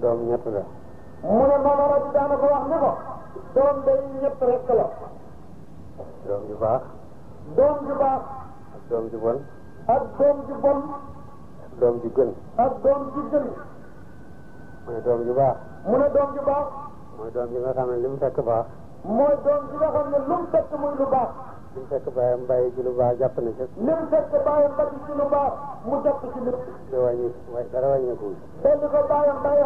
doom ñett la. mu ne Maama Rabi daana ko wax ne ko. doom day ñett rek la. doom ju baax. doom ju baax. ak doom ju bon. ak doom ju gën. ak doom ju gën. mu ne doom ju baax. mu ne doom ji nga xam ne li mu fekk baax. mooy doom ji nga xam ne lu fekk muy lu baax. li mu fekk bàyyam bàyyi ci lu baax jàpp na ci. li mu fekk bàyyam bàyyi ci lu baax mu jàpp ci lépp. dara wàññi dara ko bàyyam bàyyi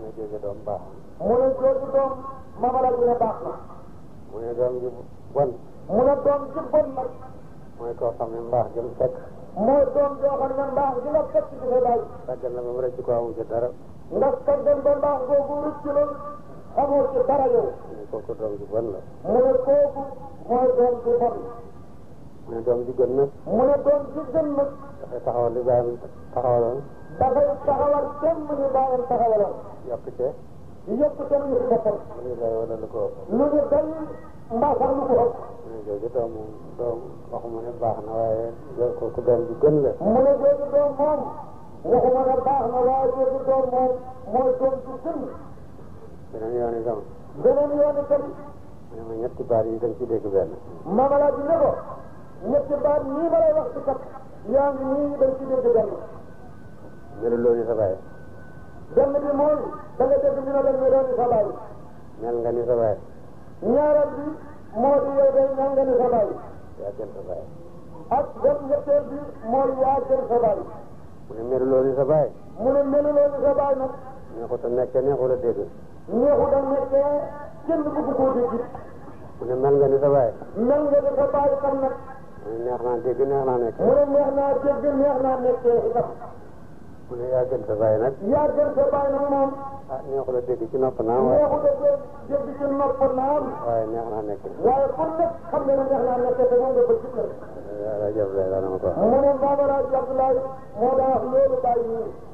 mu ne jooju doom baax. mu ne jooju doom mama la baax na. mu ne doom ju bon. mu ne doom ju bon nag. ne doom joo xam ne mbaax ji la fekk ci sa bàyyi. sàggan la ba mu rëcc ko amu ci dara. ndax sàggan xamoo ci dara yow. mu ne kooku doom ju bon la. mu ne kooku mooy doom ju bon. mu ne doom ju gën nag. mu ne doom ju gën nag. dafay taxawal li baayam taxawaloon. dafay taxawal kenn mu ñu baayam taxawaloon. yokk cee. yokk cee mu ñu boppam. lu ñu doy wala lu ko ëpp. lu ñu doy mbaa sax lu ko ëpp. mu ne jooju doom doom waxuma ne baax na waaye jooju kooku doom ju gën la. mu ne jooju doom moom waxuma ne baax na waaye jooju doom moom mooy doom ju gën. beneen yoon itam. beneen yoon itam. mu ne ma ñetti baat yi dañ ci dégg benn. mamalaat bi ne ko ñetti baat nii ma lay wax ci kat yaa ngi nii dañ ci dégg benn. melul loo ni sa baay. benn bi mooy da nga dégg ñu ne la meloo ni sa baay. mel nga ni sa baay. ñaareel bi moo di yow day mel nga ni sa baay. yaa jël sa baay. ak benn ñetteel bi mooy yaa jël sa baay. mu ne meluloo ni sa baay. mu ne meluloo ni sa baay nag. ne ko te nekk neexul a dégg. ñeexu dañ nekkee kenn bëgg koo dégg. mu ne mel nga ni sa baay. mel nga ni sa baay xam nag. mu ne neex naa dégg neex naa nekkee. mu ne neex naa dégg neex naa nekkee itam. mu ne yaa gën sa baay nag. yaa gën sa baay nag moom. ah neexu la dégg ci nopp naam. neexu la dégg ci nopp naam. waaye neex naa nekkee. waaye kon nag xam nga ne neex naa nekkee te moom nga ko jublu. mu ne Baaba Abdoulaye moo daa wax loolu bàyyi